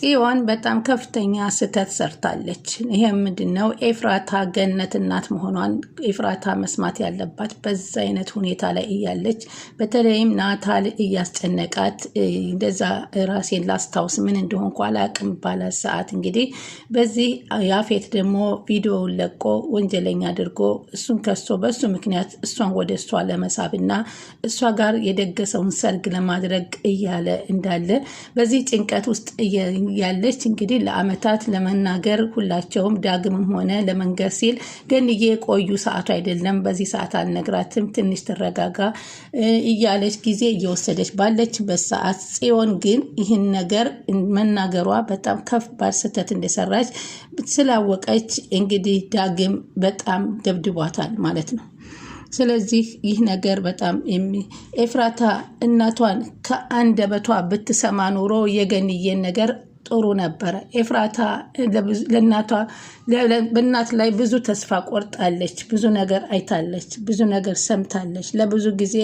ጽዮን በጣም ከፍተኛ ስህተት ሰርታለች። ይሄ ምንድን ነው? ኤፍራታ ገነት እናት መሆኗን ኤፍራታ መስማት ያለባት በዛ አይነት ሁኔታ ላይ እያለች በተለይም ናታል እያስጨነቃት እንደዛ ራሴን ላስታውስ ምን እንደሆን አላቅም ባላት ሰዓት እንግዲህ በዚህ ያፌት ደግሞ ቪዲዮውን ለቆ ወንጀለኛ አድርጎ እሱን ከሶ በእሱ ምክንያት እሷን ወደ እሷ ለመሳብ ለመሳብና እሷ ጋር የደገሰውን ሰርግ ለማድረግ እያለ እንዳለ በዚህ ጭንቀት ውስጥ ያለች እንግዲህ ለአመታት ለመናገር ሁላቸውም ዳግምም ሆነ ለመንገር ሲል ገንዬ ቆዩ፣ ሰዓቱ አይደለም፣ በዚህ ሰዓት አልነግራትም፣ ትንሽ ትረጋጋ እያለች ጊዜ እየወሰደች ባለችበት ሰዓት ጽዮን ግን ይህን ነገር መናገሯ በጣም ከባድ ስህተት እንደሰራች ስላወቀች እንግዲህ ዳግም በጣም ደብድቧታል ማለት ነው። ስለዚህ ይህ ነገር በጣም ኤፍራታ እናቷን ከአንደበቷ ብትሰማ ኑሮ የገንዬን ነገር ጥሩ ነበረ። ኤፍራታ ለእናቷ በእናት ላይ ብዙ ተስፋ ቆርጣለች። ብዙ ነገር አይታለች፣ ብዙ ነገር ሰምታለች። ለብዙ ጊዜ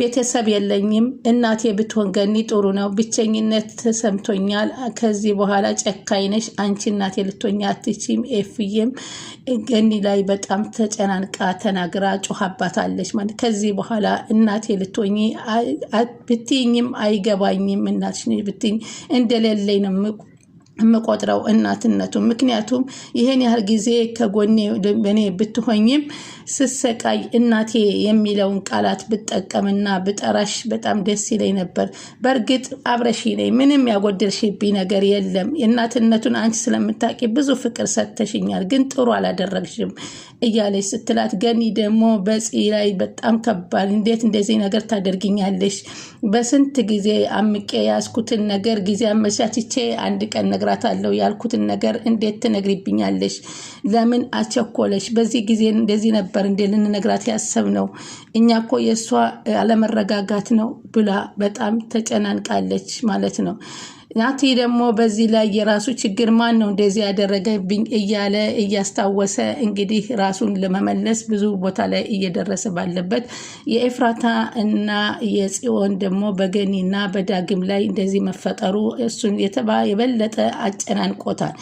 ቤተሰብ የለኝም፣ እናቴ ብትሆን ገኒ ጥሩ ነው፣ ብቸኝነት ተሰምቶኛል። ከዚህ በኋላ ጨካኝ ነሽ አንቺ፣ እናቴ ልትሆኝ አትችም። ኤፍዬም ገኒ ላይ በጣም ተጨናንቃ ተናግራ ጮሃባታለች። ማለት ከዚህ በኋላ እናቴ ልትሆኝ ብትኝም አይገባኝም እናትሽ ብትኝ እንደሌለኝ ነው የምቆጥረው እናትነቱ ምክንያቱም ይህን ያህል ጊዜ ከጎኔ በኔ ብትሆኝም ስሰቃይ እናቴ የሚለውን ቃላት ብጠቀምና ብጠራሽ በጣም ደስ ይለኝ ነበር። በእርግጥ አብረሽ ነኝ፣ ምንም ያጎደልሽብኝ ነገር የለም። እናትነቱን አንቺ ስለምታቂ ብዙ ፍቅር ሰጥተሽኛል፣ ግን ጥሩ አላደረግሽም እያለች ስትላት፣ ገኒ ደግሞ በፂ ላይ በጣም ከባድ፣ እንዴት እንደዚህ ነገር ታደርግኛለሽ? በስንት ጊዜ አምቄ ያዝኩትን ነገር ጊዜ አመቻችቼ አንድ ቀን ነገር አለው ያልኩትን ነገር እንዴት ትነግሪብኛለሽ? ለምን አቸኮለሽ? በዚህ ጊዜ እንደዚህ ነበር እንዴ ልንነግራት ያሰብ ነው? እኛ እኮ የእሷ አለመረጋጋት ነው ብላ በጣም ተጨናንቃለች ማለት ነው። ናቲ ደግሞ በዚህ ላይ የራሱ ችግር ማን ነው እንደዚህ ያደረገብኝ እያለ እያስታወሰ እንግዲህ ራሱን ለመመለስ ብዙ ቦታ ላይ እየደረሰ ባለበት የኤፍራታ እና የጽዮን ደግሞ በገኒና በዳግም ላይ እንደዚህ መፈጠሩ እሱን የተባ የበለጠ አጨናንቆታል።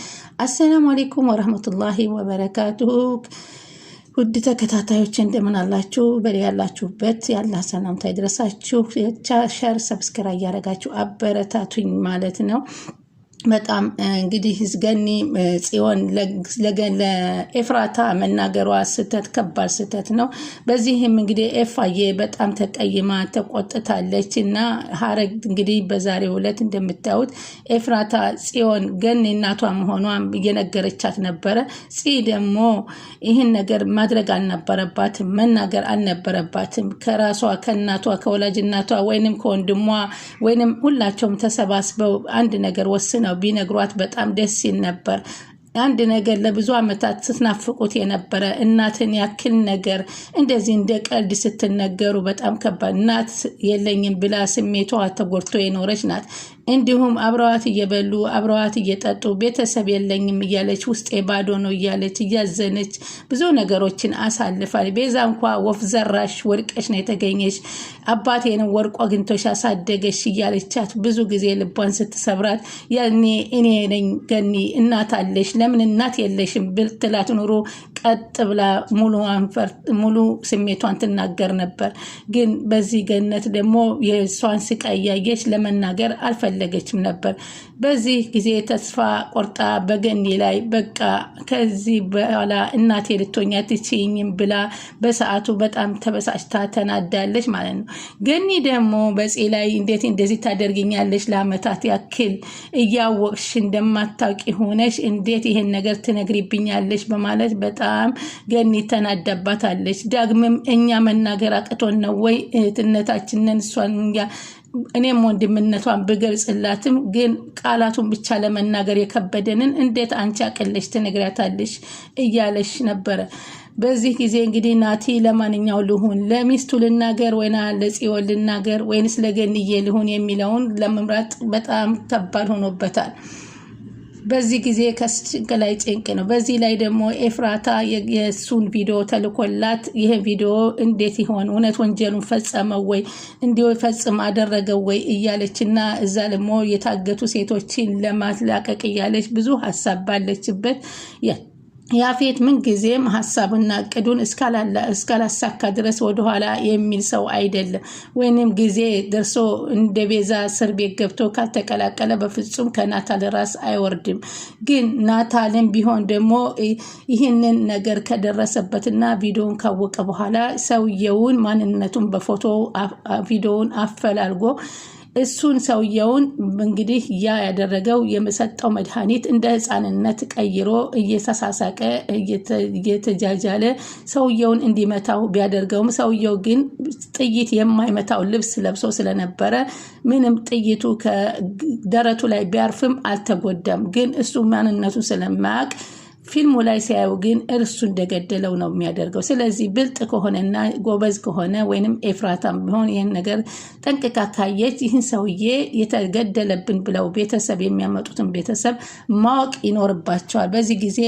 አሰላሙ አሌይኩም ወረህመቱላሂ ወበረካቱሁ። ውድ ተከታታዮች እንደምን አላችሁ? በሌ ያላችሁበት ያላ ሰላምታ ይድረሳችሁ። ቻሸር ሰብስክራ እያደረጋችሁ አበረታቱኝ ማለት ነው። በጣም እንግዲህ ህዝገኒ ጽዮን ለኤፍራታ መናገሯ ስህተት ከባድ ስህተት ነው። በዚህም እንግዲህ ኤፋዬ በጣም ተቀይማ ተቆጥታለች እና ሀረግ እንግዲህ በዛሬው ዕለት እንደምታዩት ኤፍራታ ጽዮን ገኒ እናቷ መሆኗን እየነገረቻት ነበረ። ጽ ደግሞ ይህን ነገር ማድረግ አልነበረባትም፣ መናገር አልነበረባትም። ከራሷ ከእናቷ ከወላጅ እናቷ ወይንም ከወንድሟ ወይንም ሁላቸውም ተሰባስበው አንድ ነገር ወስነው ነው። ቢነግሯት በጣም ደስ ይል ነበር። አንድ ነገር ለብዙ ዓመታት ስትናፍቁት የነበረ እናትን ያክል ነገር እንደዚህ እንደ ቀልድ ስትነገሩ በጣም ከባድ። እናት የለኝም ብላ ስሜቷ ተጎድቶ የኖረች ናት። እንዲሁም አብረዋት እየበሉ አብረዋት እየጠጡ ቤተሰብ የለኝም እያለች ውስጤ ባዶ ነው እያለች እያዘነች ብዙ ነገሮችን አሳልፋል። ቤዛ እንኳ ወፍ ዘራሽ ወድቀሽ ነው የተገኘሽ፣ አባቴንም ወርቆ አግኝቶሽ አሳደገሽ እያለቻት ብዙ ጊዜ ልቧን ስትሰብራት ያኔ እኔ ነኝ ገኒ እናት አለሽ ለምን እናት የለሽም ብል ኑሮ ቀጥ ብላ ሙሉ ስሜቷን ትናገር ነበር። ግን በዚህ ገነት ደግሞ የእሷን ስቃይ እያየች ለመናገር አልፈለ አልፈለገችም ነበር። በዚህ ጊዜ ተስፋ ቆርጣ በገኒ ላይ በቃ ከዚህ በኋላ እናቴ ልትሆኛ ትችኝም ብላ በሰዓቱ በጣም ተበሳጭታ ተናዳለች ማለት ነው። ገኒ ደግሞ በፄ ላይ እንዴት እንደዚህ ታደርግኛለች? ለአመታት ያክል እያወቅሽ እንደማታውቂ ሆነሽ እንዴት ይሄን ነገር ትነግሪብኛለች? በማለት በጣም ገኒ ተናዳባታለች። ዳግምም እኛ መናገር አቅቶን ነው ወይ እህትነታችንን እሷን እኔም ወንድምነቷን ብገልጽላትም ግን ቃላቱን ብቻ ለመናገር የከበደንን እንዴት አንቺ አቅለሽ ትነግሪያታለሽ እያለሽ ነበረ። በዚህ ጊዜ እንግዲህ ናቲ ለማንኛው ልሁን ለሚስቱ ልናገር ወይና ለጽዮን ልናገር ወይንስ ለገንዬ ልሁን የሚለውን ለመምራት በጣም ከባድ ሆኖበታል። በዚህ ጊዜ ከጭንቅ ላይ ጭንቅ ነው። በዚህ ላይ ደግሞ ኤፍራታ የእሱን ቪዲዮ ተልኮላት ይህ ቪዲዮ እንዴት ይሆን እውነት ወንጀሉን ፈጸመው ወይ እንዲሁ ፈጽም አደረገው ወይ እያለች እና እዛ ደግሞ የታገቱ ሴቶችን ለማላቀቅ እያለች ብዙ ሀሳብ ባለችበት ያፌት ምን ጊዜም ሀሳብና እቅዱን እስካላሳካ ድረስ ወደኋላ የሚል ሰው አይደለም፣ ወይንም ጊዜ ደርሶ እንደ ቤዛ እስር ቤት ገብቶ ካልተቀላቀለ በፍጹም ከናታል ራስ አይወርድም። ግን ናታልን ቢሆን ደግሞ ይህንን ነገር ከደረሰበትና ቪዲዮን ካወቀ በኋላ ሰውየውን ማንነቱን በፎቶ ቪዲዮውን አፈላልጎ እሱን ሰውየውን እንግዲህ ያ ያደረገው የመሰጠው መድኃኒት እንደ ህፃንነት ቀይሮ እየተሳሳቀ እየተጃጃለ ሰውየውን እንዲመታው ቢያደርገውም ሰውየው ግን ጥይት የማይመታው ልብስ ለብሶ ስለነበረ ምንም ጥይቱ ከደረቱ ላይ ቢያርፍም አልተጎዳም። ግን እሱ ማንነቱ ስለማያውቅ ፊልሙ ላይ ሲያዩ ግን እርሱ እንደገደለው ነው የሚያደርገው። ስለዚህ ብልጥ ከሆነና ጎበዝ ከሆነ ወይንም ኤፍራታም ቢሆን ይህን ነገር ጠንቅቃ ካየች ይህን ሰውዬ የተገደለብን ብለው ቤተሰብ የሚያመጡትን ቤተሰብ ማወቅ ይኖርባቸዋል። በዚህ ጊዜ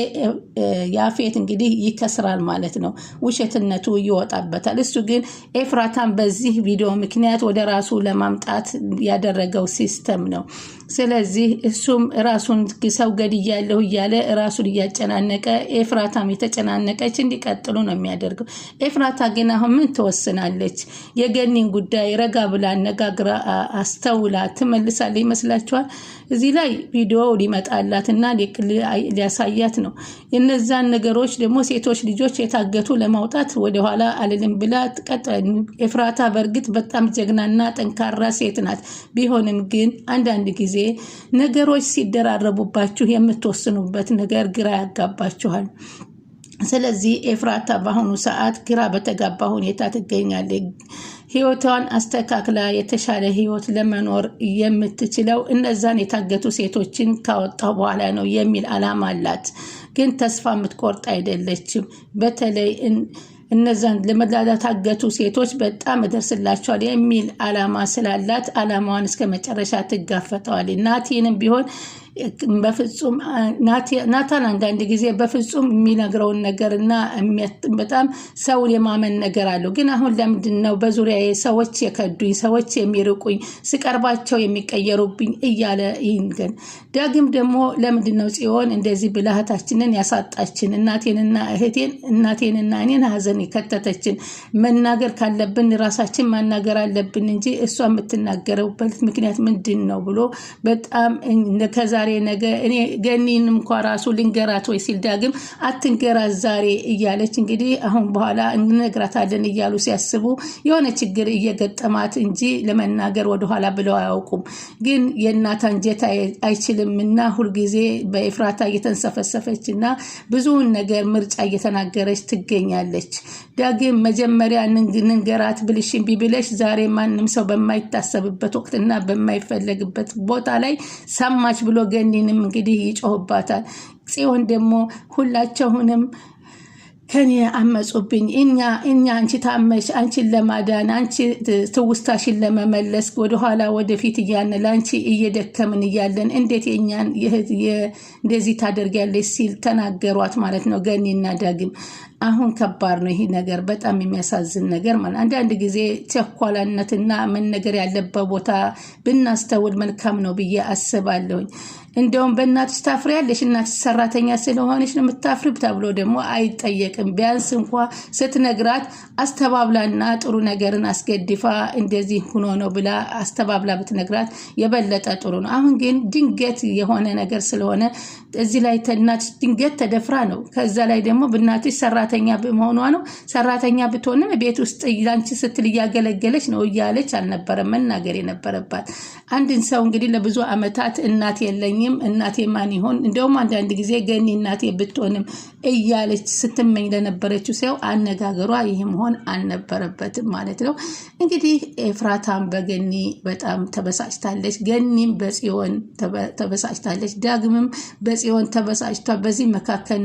ያፌት እንግዲህ ይከስራል ማለት ነው፣ ውሸትነቱ ይወጣበታል። እሱ ግን ኤፍራታም በዚህ ቪዲዮ ምክንያት ወደ ራሱ ለማምጣት ያደረገው ሲስተም ነው። ስለዚህ እሱም ራሱን ሰው ገድያለሁ እያለ ራሱን እያጨናነቀ ኤፍራታም የተጨናነቀች እንዲቀጥሉ ነው የሚያደርገው። ኤፍራታ ግን አሁን ምን ትወስናለች? የገኒን ጉዳይ ረጋ ብላ አነጋግራ አስተውላ ትመልሳለ ይመስላችኋል? እዚህ ላይ ቪዲዮ እና ሊያሳያት ነው። እነዛን ነገሮች ደግሞ ሴቶች ልጆች የታገቱ ለማውጣት ወደኋላ አልልም ብላ ቀጥ ኤፍራታ በእርግጥ በጣም ጀግናና ጠንካራ ሴት ናት። ቢሆንም ግን አንዳንድ ጊዜ ነገሮች ሲደራረቡባችሁ የምትወስኑበት ነገር ግራ ያጋባችኋል። ስለዚህ ኤፍራታ በአሁኑ ሰዓት ግራ በተጋባ ሁኔታ ትገኛለች። ህይወቷን አስተካክላ የተሻለ ህይወት ለመኖር የምትችለው እነዛን የታገቱ ሴቶችን ካወጣው በኋላ ነው የሚል አላማ አላት። ግን ተስፋ የምትቆርጥ አይደለችም። በተለይ እነዛን ለመላላት ታገቱ ሴቶች በጣም እደርስላቸዋል የሚል አላማ ስላላት አላማዋን እስከ መጨረሻ ትጋፈጠዋል። ናቲንም ቢሆን በፍጹም ናታን አንዳንድ ጊዜ በፍጹም የሚነግረውን ነገር እና በጣም ሰውን የማመን ነገር አለው። ግን አሁን ለምንድን ነው በዙሪያ ሰዎች የከዱኝ፣ ሰዎች የሚርቁኝ፣ ስቀርባቸው የሚቀየሩብኝ እያለ ይንገን። ዳግም ደግሞ ለምንድን ነው ጽዮን እንደዚህ ብልሃታችንን ያሳጣችን፣ እናቴንና እህቴን እናቴንና እኔን ሀዘን የከተተችን? መናገር ካለብን ራሳችን ማናገር አለብን እንጂ እሷ የምትናገረበት ምክንያት ምንድን ነው ብሎ በጣም ከዛሬ ዛሬ ነገ እኔ ገኒን እንኳ ራሱ ልንገራት ወይ ሲል ዳግም አትንገራት ዛሬ እያለች እንግዲህ አሁን በኋላ እንነግራታለን እያሉ ሲያስቡ የሆነ ችግር እየገጠማት እንጂ ለመናገር ወደኋላ ብለው አያውቁም። ግን የእናት አንጀት እና ሁልጊዜ በኤፍራታ እየተንሰፈሰፈች እና ብዙውን ነገር ምርጫ እየተናገረች ትገኛለች። ዳግም መጀመሪያ ንንገራት ብልሽ እምቢ ብለሽ ዛሬ ማንም ሰው በማይታሰብበት ወቅትና በማይፈለግበት ቦታ ላይ ሰማች ብሎ ገኒንም እንግዲህ ይጮህባታል። ጽዮን ደግሞ ሁላቸውንም ከኔ አመፁብኝ። እኛ እኛ አንቺ ታመሽ አንቺን ለማዳን አንቺ ትውስታሽን ለመመለስ ወደኋላ ወደፊት እያልን ለአንቺ እየደከምን እያለን እንዴት የእኛን እንደዚህ ታደርጊያለሽ ሲል ተናገሯት ማለት ነው ገኒና ዳግም። አሁን ከባድ ነው ይሄ ነገር፣ በጣም የሚያሳዝን ነገር ማለት አንዳንድ ጊዜ ቸኳላነትና መነገር ያለበት ቦታ ብናስተውል መልካም ነው ብዬ አስባለሁኝ። እንደውም በእናትሽ ያለሽ እናትሽ ሰራተኛ ስለሆነች ነው የምታፍሪ ተብሎ ደግሞ አይጠየቅም። ቢያንስ እንኳ ስትነግራት አስተባብላና ጥሩ ነገርን አስገድፋ እንደዚህ ሁኖ ነው ብላ አስተባብላ ብትነግራት የበለጠ ጥሩ ነው። አሁን ግን ድንገት የሆነ ነገር ስለሆነ እዚህ ላይ እናትሽ ድንገት ተደፍራ ነው ከዛ ላይ ደግሞ ብናትሽ ሰራ ሰራተኛ መሆኗ ነው። ሰራተኛ ብትሆንም ቤት ውስጥ ላንቺ ስትል እያገለገለች ነው እያለች አልነበረም መናገር የነበረባት። አንድን ሰው እንግዲህ ለብዙ ዓመታት እናት የለኝም እናቴ ማን ይሆን እንደውም አንዳንድ ጊዜ ገኒ እናቴ ብትሆንም እያለች ስትመኝ ለነበረችው ሰው አነጋገሯ ይህ መሆን አልነበረበትም ማለት ነው። እንግዲህ ኤፍራታም በገኒ በጣም ተበሳጭታለች። ገኒም በጽዮን ተበሳጭታለች። ዳግምም በጽዮን ተበሳጭቷ በዚህ መካከል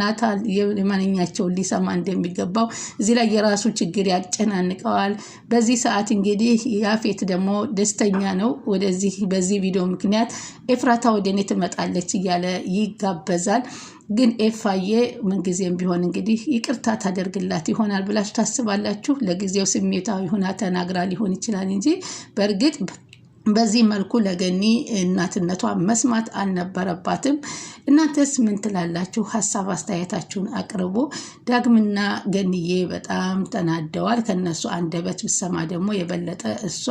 ናታል የማንኛ ምስጋናቸውን ሊሰማ እንደሚገባው እዚህ ላይ የራሱ ችግር ያጨናንቀዋል። በዚህ ሰዓት እንግዲህ ያፌት ደግሞ ደስተኛ ነው። ወደዚህ በዚህ ቪዲዮ ምክንያት ኤፍራታ ወደኔ ትመጣለች እያለ ይጋበዛል። ግን ኤፋዬ ምንጊዜም ቢሆን እንግዲህ ይቅርታ ታደርግላት ይሆናል ብላችሁ ታስባላችሁ? ለጊዜው ስሜታዊ ሁና ተናግራ ሊሆን ይችላል እንጂ በእርግጥ በዚህ መልኩ ለገኒ እናትነቷ መስማት አልነበረባትም። እናንተስ ምን ትላላችሁ? ሀሳብ አስተያየታችሁን አቅርቡ። ዳግምና ገንዬ በጣም ተናደዋል። ከነሱ አንደበት ብሰማ ደግሞ የበለጠ እሷ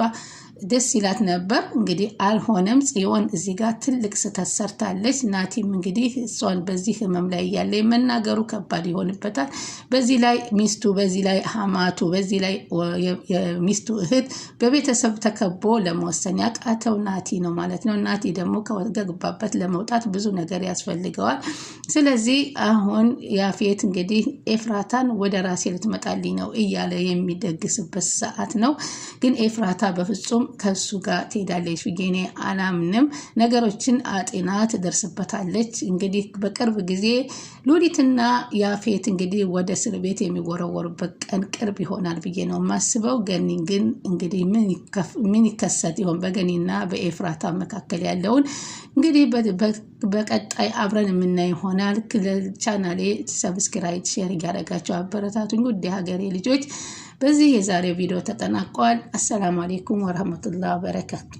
ደስ ይላት ነበር። እንግዲህ አልሆነም። ጽዮን እዚህ ጋር ትልቅ ስህተት ሰርታለች። ናቲም እንግዲህ እሷን በዚህ ህመም ላይ እያለ የመናገሩ ከባድ ይሆንበታል። በዚህ ላይ ሚስቱ፣ በዚህ ላይ ሀማቱ፣ በዚህ ላይ የሚስቱ እህት በቤተሰብ ተከቦ ለመወሰን ያቃተው ናቲ ነው ማለት ነው። ናቲ ደግሞ ከገባበት ለመውጣት ብዙ ነገር ያስፈልገዋል። ስለዚህ አሁን ያፌት እንግዲህ ኤፍራታን ወደ ራሴ ልትመጣልኝ ነው እያለ የሚደግስበት ሰዓት ነው። ግን ኤፍራታ በፍጹም ከሱ ጋር ትሄዳለች ብዬ እኔ አላምንም። ነገሮችን አጤና ትደርስበታለች። እንግዲህ በቅርብ ጊዜ ሉሊትና ያፌት እንግዲህ ወደ እስር ቤት የሚወረወሩበት ቀን ቅርብ ይሆናል ብዬ ነው የማስበው። ገኒ ግን እንግዲህ ምን ይከሰት ይሆን በገኒና በኤፍራታ መካከል ያለውን እንግዲህ በቀጣይ አብረን የምናይ ይሆናል። ቻናሌ ሰብስክራይብ፣ ሼር እያደረጋቸው አበረታቱኝ ውድ የሀገሬ ልጆች። በዚህ የዛሬው ቪዲዮ ተጠናቋል። አሰላሙ አሌይኩም ወረህመቱላህ በረካቱ